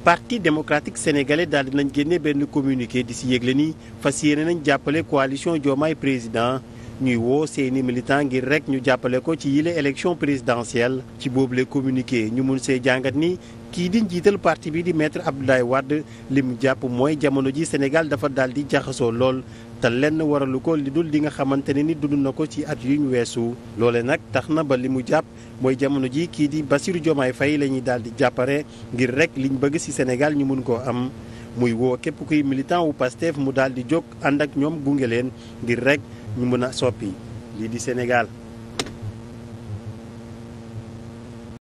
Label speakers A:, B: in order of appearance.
A: parti démocratique sénégalais daal dinañ génne benn communiqué di si yëgle ni fas yéene nañ jàppale coalition Diomaye président ñuy woo seeni militant ngir rek ñu jàppale ko ci yile élection présidentielle ci boobule communiqué ñu mun see jàngat ni kii di njiital parti bi di maître Abdoulaye wàdd li mu jàpp mooy jamono ji Sénégal dafa daal di jaxasoo lool te lenn waralu ko li dul li nga xamante ne ni dund na ko ci at yu ñu weesu. loole nag tax na ba li mu jàpp mooy jamono ji kii di Bassirou jommaay fay la ñuy daal di jàppare ngir rek liñ bëgg ci Sénégal ñu mun ko am muy woo képp kuy militant wu Pastef mu daal di jóg ànd ak ñoom gunge leen ngir rek. ñu mën a soppi lii di Sénégal